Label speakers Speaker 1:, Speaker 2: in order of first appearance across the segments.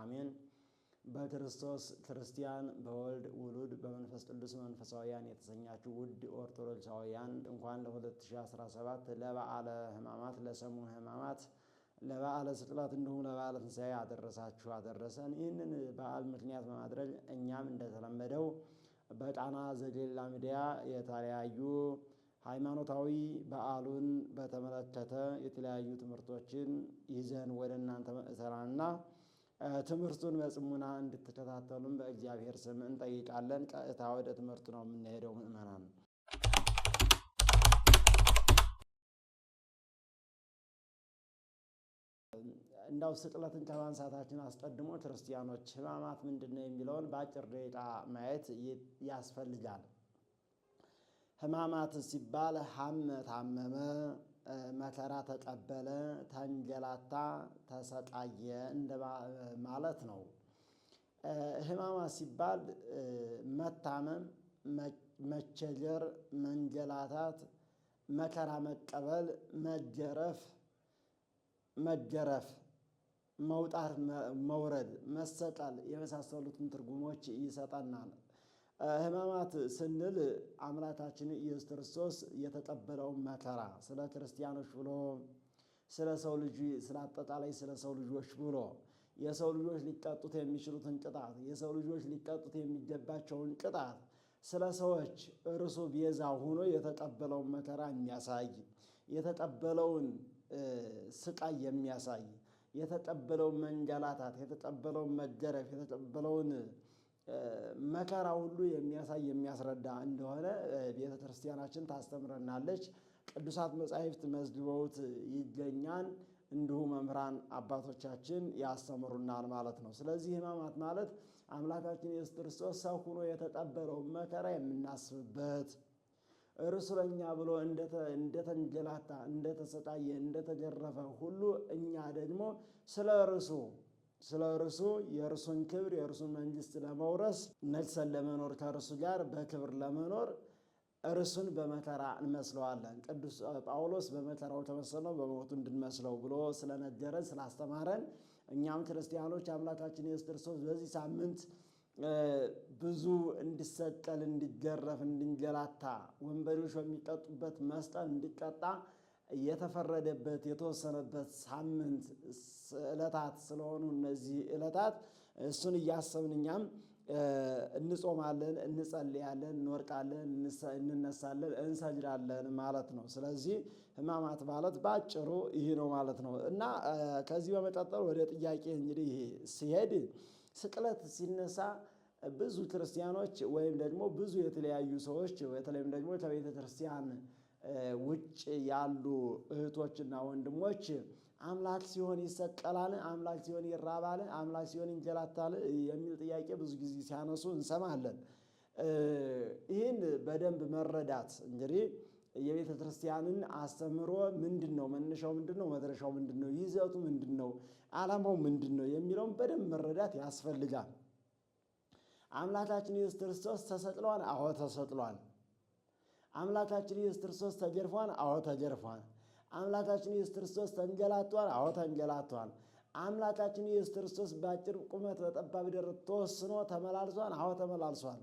Speaker 1: አሜን። በክርስቶስ ክርስቲያን በወልድ ውሉድ በመንፈስ ቅዱስ መንፈሳውያን የተሰኛችሁ ውድ ኦርቶዶክሳውያን እንኳን ለ2017 ለበዓለ ሕማማት ለሰሙን ሕማማት ለበዓለ ስቅላት እንዲሁም ለበዓለ ትንሣኤ አደረሳችሁ አደረሰን። ይህንን በዓል ምክንያት በማድረግ እኛም እንደተለመደው በጣና ዘጌላ ሚዲያ የተለያዩ ሃይማኖታዊ በዓሉን በተመለከተ የተለያዩ ትምህርቶችን ይዘን ወደ እናንተ መእሰራንና ትምህርቱን በጽሙና እንድትከታተሉም በእግዚአብሔር ስም እንጠይቃለን። ቀጥታ ወደ ትምህርቱ ነው የምንሄደው ምእመናን እንዳው ስቅለትን ከማንሳታችን አስቀድሞ ክርስቲያኖች ሕማማት ምንድን ነው የሚለውን በአጭር ደቂቃ ማየት ያስፈልጋል። ሕማማት ሲባል ሐመ ታመመ መከራ ተቀበለ፣ ተንገላታ፣ ተሰቃየ እንደ ማለት ነው። ህማማ ሲባል መታመም፣ መቸገር፣ መንገላታት፣ መከራ መቀበል፣ መገረፍ መገረፍ መውጣት፣ መውረድ፣ መሰቀል የመሳሰሉትን ትርጉሞች ይሰጠናል። ህመማት ስንል አምላካችን ኢየሱስ ክርስቶስ የተቀበለውን መከራ ስለ ክርስቲያኖች ብሎ ስለ ሰው ልጅ ስለ አጠቃላይ ስለ ሰው ልጆች ብሎ የሰው ልጆች ሊቀጡት የሚችሉትን ቅጣት፣ የሰው ልጆች ሊቀጡት የሚገባቸውን ቅጣት ስለ ሰዎች እርሱ ቤዛ ሆኖ የተቀበለውን መከራ የሚያሳይ የተቀበለውን ስቃይ የሚያሳይ የተቀበለውን መንገላታት፣ የተቀበለውን መገረፍ፣ የተቀበለውን መከራ ሁሉ የሚያሳይ የሚያስረዳ እንደሆነ ቤተ ክርስቲያናችን ታስተምረናለች። ቅዱሳት መጻሕፍት መዝግበውት ይገኛል። እንዲሁ መምህራን አባቶቻችን ያስተምሩናል ማለት ነው። ስለዚህ ሕማማት ማለት አምላካችን ኢየሱስ ክርስቶስ ሰው ሆኖ የተቀበለውን መከራ የምናስብበት እርሱ ለእኛ ብሎ እንደተንገላታ፣ እንደተሰቃየ፣ እንደተገረፈ ሁሉ እኛ ደግሞ ስለ እርሱ ስለ እርሱ የእርሱን ክብር የእርሱን መንግስት ለመውረስ ነግሰን ለመኖር ከእርሱ ጋር በክብር ለመኖር እርሱን በመከራ እንመስለዋለን። ቅዱስ ጳውሎስ በመከራው ተመሰለው በሞቱ እንድንመስለው ብሎ ስለነገረን ስላስተማረን እኛም ክርስቲያኖች አምላካችን ኢየሱስ ክርስቶስ በዚህ ሳምንት ብዙ እንዲሰቀል፣ እንዲገረፍ፣ እንድንገላታ ወንበዴዎች በሚቀጡበት መስጠት እንዲቀጣ የተፈረደበት የተወሰነበት ሳምንት ዕለታት ስለሆኑ እነዚህ ዕለታት እሱን እያሰብን እኛም እንጾማለን፣ እንጸልያለን፣ እንወርቃለን፣ እንነሳለን፣ እንሰግዳለን ማለት ነው። ስለዚህ ሕማማት ማለት በአጭሩ ይህ ነው ማለት ነው እና ከዚህ በመቀጠል ወደ ጥያቄ እንግዲህ ሲሄድ ስቅለት ሲነሳ ብዙ ክርስቲያኖች ወይም ደግሞ ብዙ የተለያዩ ሰዎች በተለይም ደግሞ ከቤተ ክርስቲያን ውጭ ያሉ እህቶችና ወንድሞች አምላክ ሲሆን ይሰቀላል፣ አምላክ ሲሆን ይራባል፣ አምላክ ሲሆን ይንገላታል የሚል ጥያቄ ብዙ ጊዜ ሲያነሱ እንሰማለን። ይህን በደንብ መረዳት እንግዲህ የቤተ ክርስቲያንን አስተምህሮ ምንድን ነው? መነሻው ምንድን ነው? መድረሻው ምንድን ነው? ይዘቱ ምንድን ነው? ዓላማው ምንድን ነው? የሚለውን በደንብ መረዳት ያስፈልጋል። አምላካችን ኢየሱስ ክርስቶስ ተሰጥሏል። አዎ ተሰጥሏል። አምላካችን ኢየሱስ ክርስቶስ ተገርፏን? አዎ ተገርፏን። አምላካችን ኢየሱስ ክርስቶስ ተንገላቷን? አዎ ተንገላቷን። አምላካችን ኢየሱስ ክርስቶስ በአጭር ቁመት በጠባብ ደረት ተወስኖ ተመላልሷን? አዎ ተመላልሷን።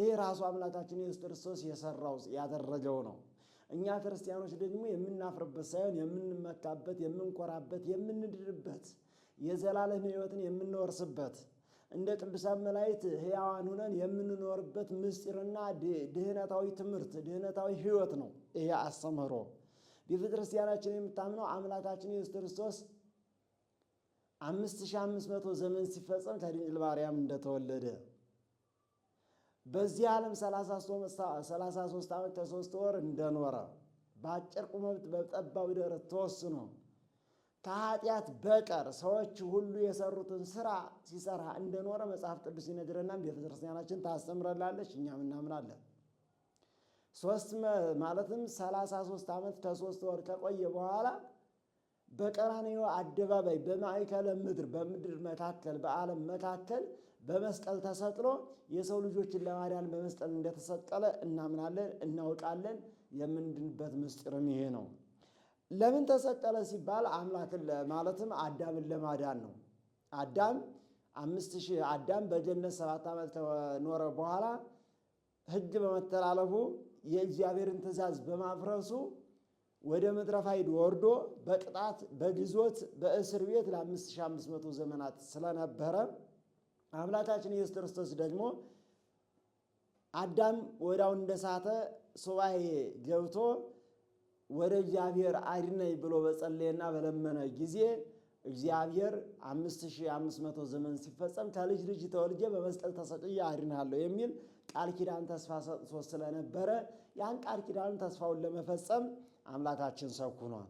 Speaker 1: ይሄ ራሱ አምላካችን ኢየሱስ ክርስቶስ የሰራው ያደረገው ነው። እኛ ክርስቲያኖች ደግሞ የምናፍርበት ሳይሆን የምንመካበት፣ የምንኮራበት፣ የምንድንበት የዘላለም ሕይወትን የምንወርስበት እንደ ቅዱሳን መላእክት ሕያዋን ሁነን የምንኖርበት ምስጢርና ድህነታዊ ትምህርት ድህነታዊ ሕይወት ነው። ይሄ አስተምህሮ ቤተ ክርስቲያናችን የምታምነው አምላካችን ኢየሱስ ክርስቶስ 5500 ዘመን ሲፈጸም ከድንግል ማርያም እንደተወለደ በዚህ ዓለም ሰላሳ ሦስት ዓመት ከሦስት ወር እንደኖረ በአጭር ቁመት በጠባብ ደረት ተወስኖ ከኃጢአት በቀር ሰዎች ሁሉ የሰሩትን ስራ ሲሰራ እንደኖረ መጽሐፍ ቅዱስ ይነግረና ቤተክርስቲያናችን ታስተምረላለች፣ እኛም እናምናለን። ሶስት ማለትም 33 ሶስት ዓመት ከሶስት ወር ከቆየ በኋላ በቀራንዮ አደባባይ በማዕከለ ምድር በምድር መካከል በዓለም መካከል በመስቀል ተሰቅሎ የሰው ልጆችን ለማዳን በመስቀል እንደተሰቀለ እናምናለን፣ እናውቃለን። የምንድንበት ምስጢርም ይሄ ነው። ለምን ተሰቀለ ሲባል አምላክን ማለትም አዳምን ለማዳን ነው። አዳም አምስት ሺህ አዳም በጀነት ሰባት ዓመት ከኖረ በኋላ ሕግ በመተላለፉ የእግዚአብሔርን ትእዛዝ በማፍረሱ ወደ ምድረ ፋይድ ወርዶ በቅጣት በግዞት በእስር ቤት ለ5500 ዘመናት ስለነበረ አምላካችን ኢየሱስ ክርስቶስ ደግሞ አዳም ወዳውን እንደሳተ ሱባኤ ገብቶ ወደ እግዚአብሔር አድነኝ ብሎ በጸለየና በለመነ ጊዜ እግዚአብሔር አምስት ሺህ አምስት መቶ ዘመን ሲፈጸም ከልጅ ልጅ ተወልጄ በመስቀል ተሰቅዬ አድንሃለሁ የሚል ቃል ኪዳን ተስፋ ሰጥቶ ስለነበረ ያን ቃል ኪዳን ተስፋውን ለመፈጸም አምላካችን ሰኩኗል።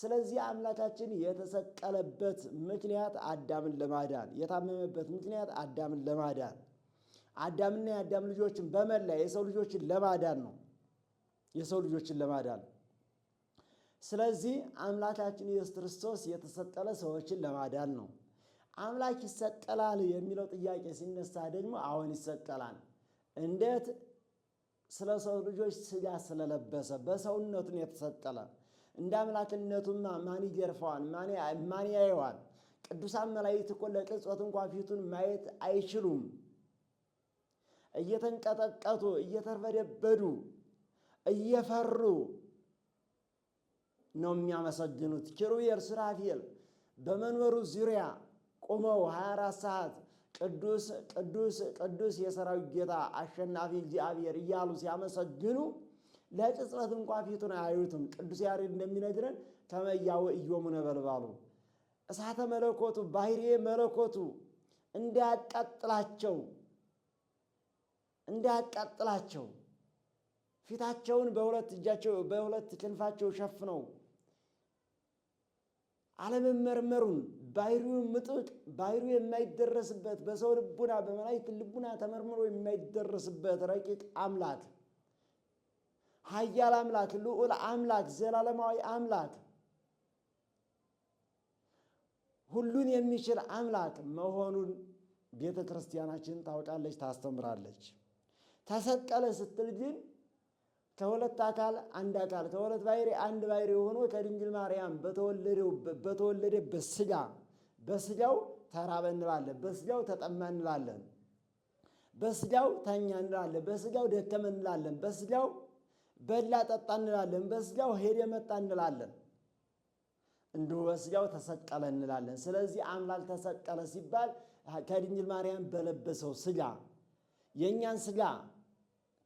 Speaker 1: ስለዚህ አምላካችን የተሰቀለበት ምክንያት አዳምን ለማዳን፣ የታመመበት ምክንያት አዳምን ለማዳን፣ አዳምና የአዳም ልጆችን በመላ የሰው ልጆችን ለማዳን ነው። የሰው ልጆችን ለማዳን ስለዚህ አምላካችን ኢየሱስ ክርስቶስ የተሰቀለ ሰዎችን ለማዳን ነው። አምላክ ይሰቀላል የሚለው ጥያቄ ሲነሳ ደግሞ አሁን ይሰቀላል እንዴት? ስለ ሰው ልጆች ስጋ ስለለበሰ በሰውነቱን የተሰቀለ እንደ አምላክነቱማ ማን ይገርፈዋል? ማን ያየዋል? ቅዱሳን መላእክት እኮ ለቅጽበት እንኳ ፊቱን ማየት አይችሉም። እየተንቀጠቀጡ እየተርበደበዱ እየፈሩ ነው የሚያመሰግኑት። ኪሩቤል ስራፊል በመንበሩ ዙሪያ ቆመው 24 ሰዓት ቅዱስ ቅዱስ ቅዱስ የሰራዊት ጌታ አሸናፊ እግዚአብሔር እያሉ ሲያመሰግኑ ለቅጽበት እንኳ ፊቱን አያዩትም። ቅዱስ ያሬድ እንደሚነግረን ተመያወ እዮሙ ነበልባሉ እሳተ መለኮቱ ባህሬ መለኮቱ እንዳያቃጥላቸው እንዳያቃጥላቸው ፊታቸውን በሁለት እጃቸው በሁለት ክንፋቸው ሸፍነው አለመመርመሩን ባህሪው ምጡቅ ባይሩ የማይደረስበት በሰው ልቡና በመላእክት ልቡና ተመርምሮ የማይደረስበት ረቂቅ አምላክ ኃያል አምላክ ልዑል አምላክ ዘላለማዊ አምላክ ሁሉን የሚችል አምላክ መሆኑን ቤተ ክርስቲያናችን ታውቃለች፣ ታስተምራለች። ተሰቀለ ስትል ግን ከሁለት አካል አንድ አካል ከሁለት ባይሪ አንድ ባይሪ ሆኖ ከድንግል ማርያም በተወለደበት ሥጋ በሥጋው ተራበ እንላለን፣ በስጋው ተጠማ እንላለን፣ በሥጋው ተኛ እንላለን፣ በስጋው ደከመ እንላለን፣ በሥጋው በላ ጠጣ እንላለን፣ በሥጋው ሄደ መጣ እንላለን፣ እንዲሁ ተሰቀለ እንላለን። ስለዚህ አምላክ ተሰቀለ ሲባል ከድንግል ማርያም በለበሰው ስጋ የእኛን ስጋ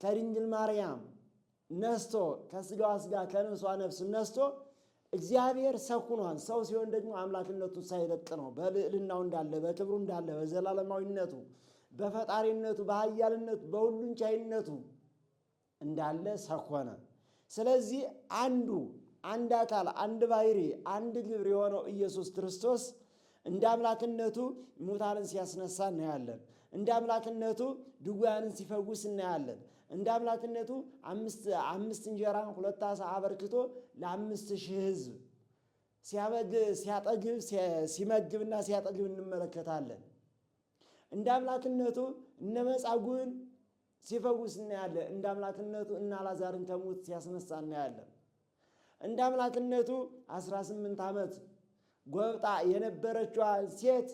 Speaker 1: ከድንግል ማርያም ነስቶ ከስጋዋ ስጋ ከነፍሷ ነፍስ ነስቶ እግዚአብሔር ሰኩኗል። ሰው ሲሆን ደግሞ አምላክነቱ ሳይለቅ ነው። በልዕልናው እንዳለ፣ በክብሩ እንዳለ፣ በዘላለማዊነቱ፣ በፈጣሪነቱ፣ በኃያልነቱ፣ በሁሉን ቻይነቱ እንዳለ ሰኮነ። ስለዚህ አንዱ አንድ አካል አንድ ባህሪ አንድ ግብር የሆነው ኢየሱስ ክርስቶስ እንደ አምላክነቱ ሙታንን ሲያስነሳ እናያለን። እንደ አምላክነቱ ድውያንን ሲፈውስ እናያለን። እንደ አምላክነቱ አምስት እንጀራ ሁለት ዓሣ አበርክቶ ለአምስት ሺህ ሕዝብ ሲያጠግብ ሲመግብና ሲያጠግብ እንመለከታለን። እንደ አምላክነቱ እነ መጻጉዕን ሲፈውስ እናያለን። እንደ አምላክነቱ እነ አልዓዛርን ከሙት ሲያስነሳ እናያለን። እንደ አምላክነቱ 18 ስምንት ዓመት ጎብጣ የነበረችዋን ሴት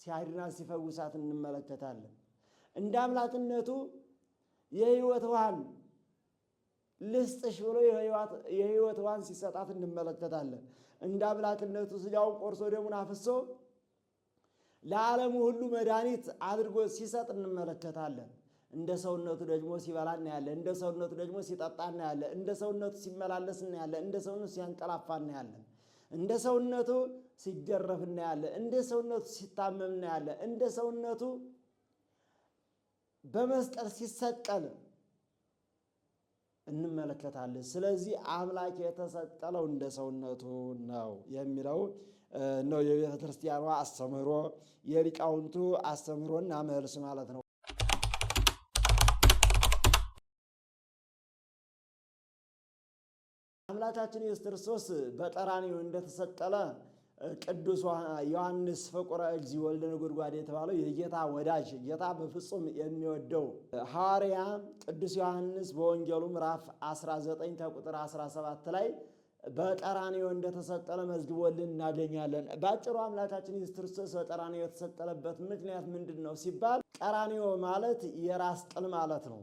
Speaker 1: ሲያድናት ሲፈውሳት እንመለከታለን። እንደ አምላክነቱ የህይወት ውሃን ልስጥሽ ብሎ የህይወት ውሃን ሲሰጣት እንመለከታለን። እንደ አምላክነቱ ሥጋውን ቆርሶ ደሙን አፍሶ ለዓለሙ ሁሉ መድኃኒት አድርጎ ሲሰጥ እንመለከታለን። እንደ ሰውነቱ ደግሞ ሲበላ እናያለን። እንደ ሰውነቱ ደግሞ ሲጠጣ እናያለን። እንደ ሰውነቱ ሲመላለስ እናያለን። እንደ ሰውነቱ ሲያንቀላፋ እናያለን። እንደ ሰውነቱ ሲገረፍ እናያለን። እንደ ሰውነቱ ሲታመም እናያለን። እንደ ሰውነቱ በመስቀል ሲሰቀል እንመለከታለን። ስለዚህ አምላክ የተሰቀለው እንደ ሰውነቱ ነው የሚለው ነው የቤተ አስተምህሮ፣ የሊቃውንቱ አስተምህሮና መልስ ማለት ነው። አምላካችን ኢየሱስ ክርስቶስ በቀራንዮ እንደተሰቀለ ቅዱስ ዮሐንስ ፍቁረ እግዚእ ወልደ ነጎድጓድ የተባለው የጌታ ወዳጅ ጌታ በፍጹም የሚወደው ሐዋርያ ቅዱስ ዮሐንስ በወንጌሉ ምዕራፍ 19 ከቁጥር 17 ላይ በቀራንዮ እንደተሰቀለ መዝግቦልን እናገኛለን። በአጭሩ አምላካችን ኢየሱስ ክርስቶስ በቀራንዮ የተሰቀለበት ምክንያት ምንድን ነው ሲባል ቀራንዮ ማለት የራስ ቅል ማለት ነው።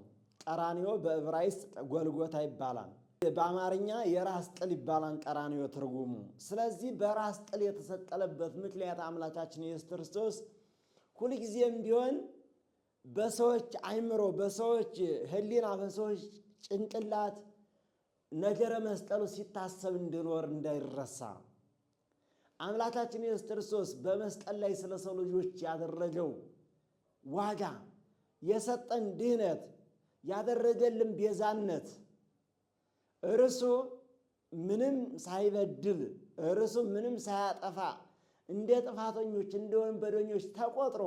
Speaker 1: ቀራንዮ በዕብራይስጥ ጎልጎታ ይባላል። በአማርኛ የራስ ቅል ይባላል ቀራንዮ ትርጉሙ። ስለዚህ በራስ ቅል የተሰቀለበት ምክንያት አምላካችን ኢየሱስ ክርስቶስ ሁልጊዜም ቢሆን በሰዎች አይምሮ፣ በሰዎች ሕሊና፣ በሰዎች ጭንቅላት ነገረ መስቀሉ ሲታሰብ እንድኖር እንዳይረሳ አምላካችን ኢየሱስ ክርስቶስ በመስቀል ላይ ስለ ሰው ልጆች ያደረገው ዋጋ የሰጠን ድህነት ያደረገልን ቤዛነት እርሱ ምንም ሳይበድል እርሱ ምንም ሳያጠፋ እንደ ጥፋተኞች እንደ ወንበደኞች ተቆጥሮ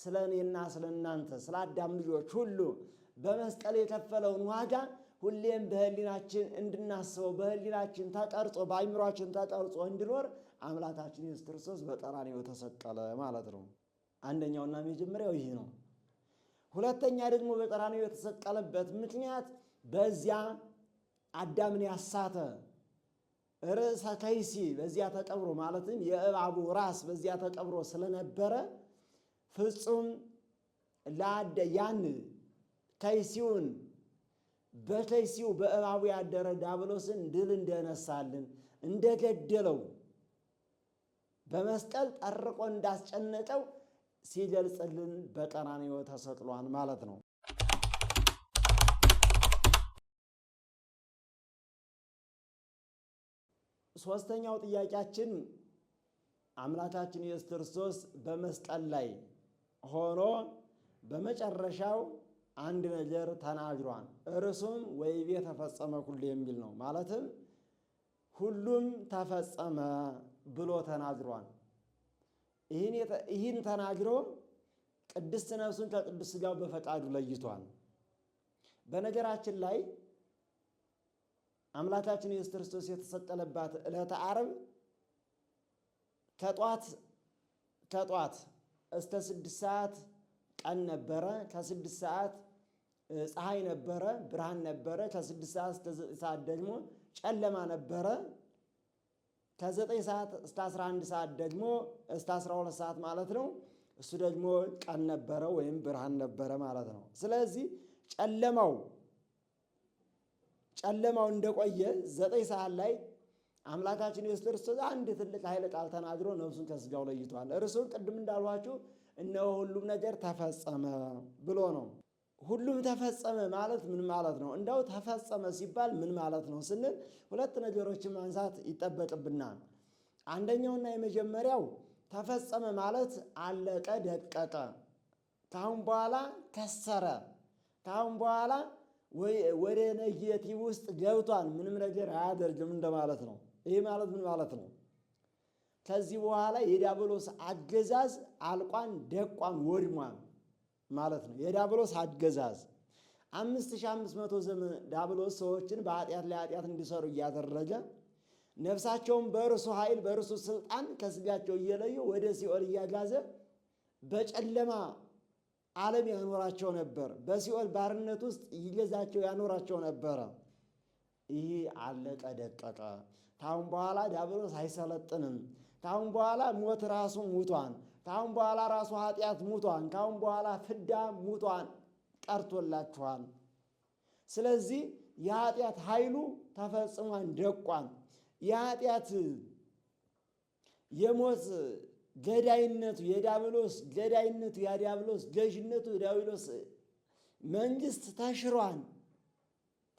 Speaker 1: ስለ እኔና ስለ እናንተ ስለ አዳም ልጆች ሁሉ በመስቀል የከፈለውን ዋጋ ሁሌም በህሊናችን እንድናስበው በህሊናችን ተቀርጾ በአይምሯችን ተቀርጾ እንዲኖር አምላካችን ኢየሱስ ክርስቶስ በቀራንዮ ተሰቀለ ማለት ነው። አንደኛውና መጀመሪያው ይህ ነው። ሁለተኛ ደግሞ በቀራንዮ የተሰቀለበት ምክንያት በዚያ አዳምን ያሳተ ርዕሰ ከይሲ በዚያ ተቀብሮ ማለትም የእባቡ ራስ በዚያ ተቀብሮ ስለነበረ ፍጹም ለአደ ያን ከይሲውን በከይሲው በእባቡ ያደረ ዳብሎስን ድል እንደነሳልን እንደገደለው በመስቀል ጠርቆ እንዳስጨነቀው ሲገልጽልን በቀራንዮ ተሰቅሏል ማለት ነው። ሶስተኛው ጥያቄያችን አምላካችን ኢየሱስ ክርስቶስ በመስቀል ላይ ሆኖ በመጨረሻው አንድ ነገር ተናግሯል። እርሱም ወይቤ ተፈጸመ ሁሉ የሚል ነው። ማለትም ሁሉም ተፈጸመ ብሎ ተናግሯል። ይህን ተናግሮ ቅድስት ነፍሱን ከቅዱስ ሥጋው በፈቃዱ ለይቷል። በነገራችን ላይ አምላካችን ኢየሱስ ክርስቶስ የተሰቀለባት ዕለተ ዓርብ ከጧት ከጧት እስተ ስድስት ሰዓት ቀን ነበረ። ከስድስት ሰዓት ፀሐይ ነበረ፣ ብርሃን ነበረ። ከስድስት ሰዓት እስከ ዘጠኝ ሰዓት ደግሞ ጨለማ ነበረ። ከዘጠኝ ሰዓት እስከ አስራ አንድ ሰዓት ደግሞ እስከ አስራ ሁለት ሰዓት ማለት ነው። እሱ ደግሞ ቀን ነበረ ወይም ብርሃን ነበረ ማለት ነው። ስለዚህ ጨለማው ጨለማው እንደቆየ ዘጠኝ ሰዓት ላይ አምላካችን ኢየሱስ ክርስቶስ አንድ ትልቅ ኃይል ቃል ተናግሮ ነፍሱን ከስጋው ለይቷል። እርሱም ቅድም እንዳልኋችሁ እነሆ ሁሉም ነገር ተፈጸመ ብሎ ነው። ሁሉም ተፈጸመ ማለት ምን ማለት ነው? እንደው ተፈጸመ ሲባል ምን ማለት ነው ስንል ሁለት ነገሮችን ማንሳት ይጠበቅብናል። አንደኛውና የመጀመሪያው ተፈጸመ ማለት አለቀ፣ ደቀቀ፣ ካሁን በኋላ ከሰረ፣ ካሁን በኋላ ወደ ነጌቲቭ ውስጥ ገብቷል፣ ምንም ነገር አያደርግም እንደማለት ነው። ይህ ማለት ምን ማለት ነው? ከዚህ በኋላ የዲያብሎስ አገዛዝ አልቋን ደቋን ወድሟል ማለት ነው። የዲያብሎስ አገዛዝ አምስት አምስት መቶ ዘመን ዲያብሎስ ሰዎችን በኃጢአት ላይ ኃጢአት እንዲሰሩ እያደረገ ነፍሳቸውን በእርሱ ኃይል በእርሱ ስልጣን ከስጋቸው እየለዩ ወደ ሲኦል እያጋዘ በጨለማ ዓለም ያኖራቸው ነበር። በሲኦል ባርነት ውስጥ ይገዛቸው ያኖራቸው ነበረ። ይህ አለቀ ደቀቀ። ታሁን በኋላ ዲያብሎስ አይሰለጥንም። ታሁን በኋላ ሞት ራሱ ሙቷን። ታሁን በኋላ ራሱ ኃጢአት ሙቷን። ካሁን በኋላ ፍዳ ሙቷን ቀርቶላችኋል። ስለዚህ የኃጢአት ኃይሉ ተፈጽሟን ደቋን የኃጢአት የሞት ገዳይነቱ የዳብሎስ ገዳይነቱ የዲያብሎስ ገዥነቱ የዲያብሎስ መንግስት ተሽሯን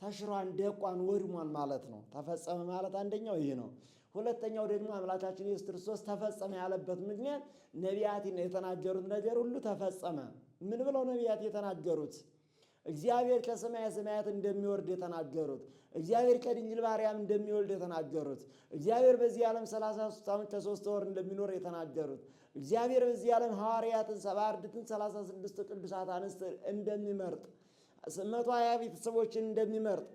Speaker 1: ተሽሯን ደቋን ወድሟል ማለት ነው። ተፈጸመ ማለት አንደኛው ይህ ነው። ሁለተኛው ደግሞ አምላካችን ኢየሱስ ክርስቶስ ተፈጸመ ያለበት ምክንያት ነቢያት የተናገሩት ነገር ሁሉ ተፈጸመ። ምን ብለው ነቢያት የተናገሩት እግዚአብሔር ከሰማያ ሰማያት እንደሚወርድ የተናገሩት እግዚአብሔር ከድንግል ማርያም እንደሚወልድ የተናገሩት እግዚአብሔር በዚህ ዓለም 33 ዓመት ከሶስት ወር እንደሚኖር የተናገሩት እግዚአብሔር በዚህ ዓለም ሐዋርያትን ሰባ አርድእትን 36 ቅዱሳት አንስት እንደሚመርጥ 120 ቤተሰቦችን እንደሚመርጥ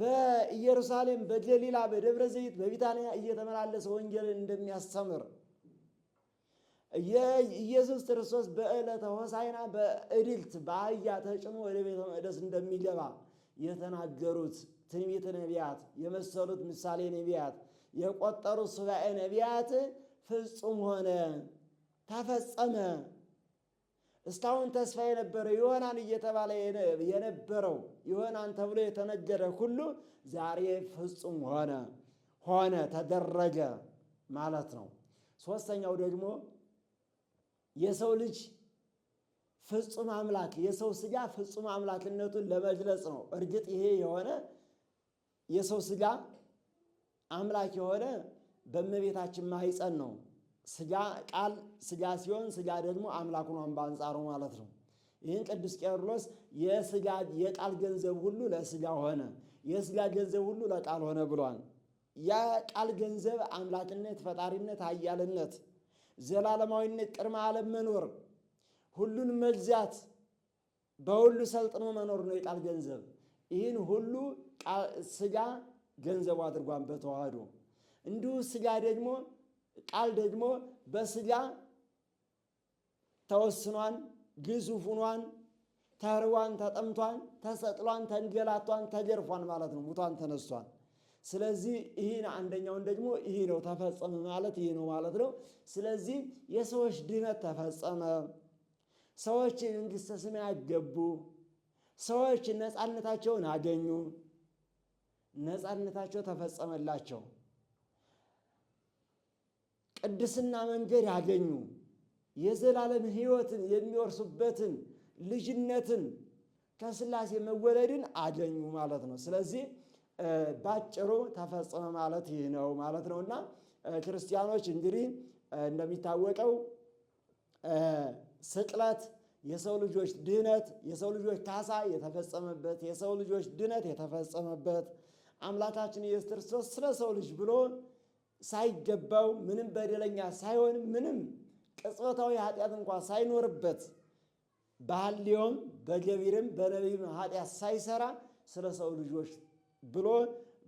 Speaker 1: በኢየሩሳሌም በገሊላ በደብረ ዘይት በቢታንያ እየተመላለሰ ወንጌልን እንደሚያስተምር የኢየሱስ ክርስቶስ በዕለተ ሆሳይና በእድልት በአህያ ተጭኖ ወደ ቤተ መቅደስ እንደሚገባ የተናገሩት ትንቢት ነቢያት የመሰሉት ምሳሌ ነቢያት የቆጠሩት ሱባኤ ነቢያት ፍጹም ሆነ፣ ተፈጸመ። እስካሁን ተስፋ የነበረው ዮሐናን እየተባለ የነበረው ዮሐናን ተብሎ የተነገረ ሁሉ ዛሬ ፍጹም ሆነ፣ ሆነ፣ ተደረገ ማለት ነው። ሶስተኛው ደግሞ የሰው ልጅ ፍጹም አምላክ የሰው ስጋ ፍጹም አምላክነቱን ለመግለጽ ነው። እርግጥ ይሄ የሆነ የሰው ስጋ አምላክ የሆነ በእመቤታችን ማይፀን ነው። ስጋ ቃል ስጋ ሲሆን ስጋ ደግሞ አምላኩ ነው በአንጻሩ ማለት ነው። ይህን ቅዱስ ቄርሎስ የስጋ የቃል ገንዘብ ሁሉ ለስጋ ሆነ፣ የስጋ ገንዘብ ሁሉ ለቃል ሆነ ብሏል። ቃል ገንዘብ አምላክነት፣ ፈጣሪነት፣ አያልነት። ዘላለማዊነት፣ ቅድመ ዓለም መኖር፣ ሁሉን መግዛት፣ በሁሉ ሰልጥኖ መኖር ነው የቃል ገንዘብ። ይህን ሁሉ ስጋ ገንዘቡ አድርጓን በተዋህዶ እንዲሁ ስጋ ደግሞ ቃል ደግሞ በስጋ ተወስኗን፣ ግዙፉኗን፣ ተርቧን፣ ተጠምቷን፣ ተሰጥሏን፣ ተንገላቷን፣ ተገርፏን ማለት ነው። ሙቷን ተነስቷን ስለዚህ ይህን አንደኛውን ደግሞ ይህ ነው ተፈጸመ ማለት ይህ ነው ማለት ነው። ስለዚህ የሰዎች ድነት ተፈጸመ፣ ሰዎች መንግሥተ ሰማያት ገቡ፣ ሰዎች ነፃነታቸውን አገኙ፣ ነፃነታቸው ተፈጸመላቸው፣ ቅድስና መንገድ አገኙ፣ የዘላለም ሕይወትን የሚወርሱበትን ልጅነትን ከስላሴ መወለድን አገኙ ማለት ነው። ስለዚህ ባጭሩ ተፈጸመ ማለት ይህ ነው ማለት ነው እና ክርስቲያኖች እንግዲህ እንደሚታወቀው ስቅለት የሰው ልጆች ድህነት የሰው ልጆች ካሳ የተፈጸመበት የሰው ልጆች ድህነት የተፈጸመበት አምላካችን ኢየሱስ ክርስቶስ ስለ ሰው ልጅ ብሎ ሳይገባው ምንም በደለኛ ሳይሆን ምንም ቅጽበታዊ ኃጢአት እንኳ ሳይኖርበት በሐልዮም በገቢርም በነቢብም ኃጢአት ሳይሰራ ስለ ሰው ልጆች ብሎ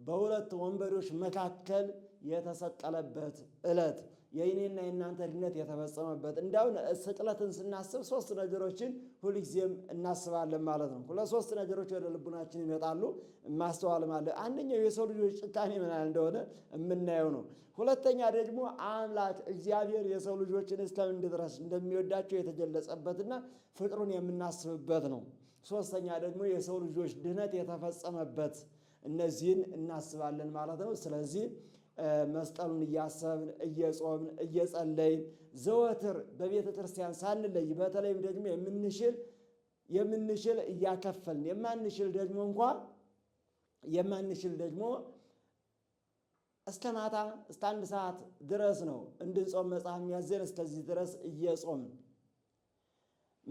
Speaker 1: በሁለት ወንበዴዎች መካከል የተሰቀለበት ዕለት የእኔና የእናንተ ድነት የተፈጸመበት እንዳሁን ስቅለትን ስናስብ ሶስት ነገሮችን ሁልጊዜም እናስባለን ማለት ነው። ሁለት ሶስት ነገሮች ወደ ልቡናችን ይመጣሉ፣ ማስተዋልም አለ። አንደኛው የሰው ልጆች ጭካኔ ምናል እንደሆነ የምናየው ነው። ሁለተኛ ደግሞ አምላክ እግዚአብሔር የሰው ልጆችን እስከምን ድረስ እንደሚወዳቸው የተገለጸበትና ፍቅሩን የምናስብበት ነው። ሶስተኛ ደግሞ የሰው ልጆች ድነት የተፈጸመበት እነዚህን እናስባለን ማለት ነው። ስለዚህ መስቀሉን እያሰብን እየጾምን እየጸለይን ዘወትር በቤተ ክርስቲያን ሳንለይ በተለይም ደግሞ የምንችል የምንችል እያከፈልን የማንችል ደግሞ እንኳ የማንችል ደግሞ እስከ ማታ እስከ አንድ ሰዓት ድረስ ነው እንድንጾም መጽሐፍ የሚያዘን። እስከዚህ ድረስ እየጾምን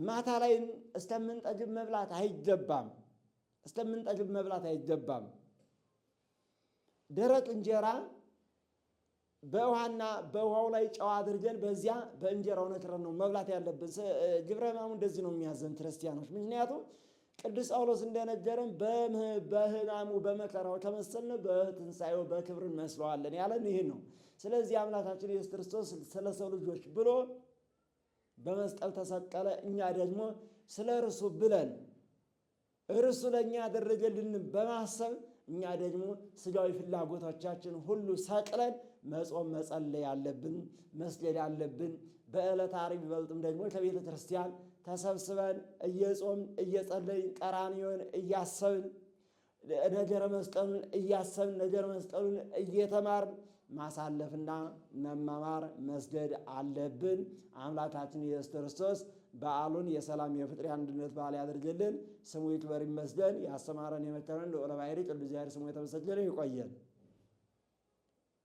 Speaker 1: ማታ ላይ እስከምንጠግብ መብላት አይገባም። እስከምንጠግብ መብላት አይገባም። ደረቅ እንጀራ በውሃና በውሃው ላይ ጨዋ አድርገን በዚያ በእንጀራው ነክረን ነው መብላት ያለብን። ግብረ ሕማሙ እንደዚህ ነው የሚያዘን ክርስቲያኖች። ምክንያቱም ቅዱስ ጳውሎስ እንደነገረን በሕማሙ በመከራው ከመሰልነው በትንሣኤው በክብር እንመስለዋለን ያለን ይህን ነው። ስለዚህ አምላካችን ኢየሱስ ክርስቶስ ስለ ሰው ልጆች ብሎ በመስቀል ተሰቀለ። እኛ ደግሞ ስለ እርሱ ብለን እርሱ ለእኛ ያደረገልንን በማሰብ እኛ ደግሞ ስጋዊ ፍላጎቶቻችን ሁሉ ሰቅለን መጾም መጸለይ ያለብን መስገድ አለብን። በዕለት ዓርብ ይበልጥም ደግሞ ከቤተ ክርስቲያን ተሰብስበን እየጾም እየጸለይን ቀራንዮን እያሰብን ነገረ መስቀሉን እያሰብን ነገረ መስቀሉን እየተማርን ማሳለፍና መማማር መስገድ አለብን። አምላካችን ኢየሱስ ክርስቶስ በዓሉን የሰላም የፍጥሪ አንድነት በዓል ያድርግልን። ስሙ ይክበር ይመስገን። ያስተማረን የመከረን ለኦለባይሪ ቅዱስ ያር ስሙ የተመሰገነ ይቆየን።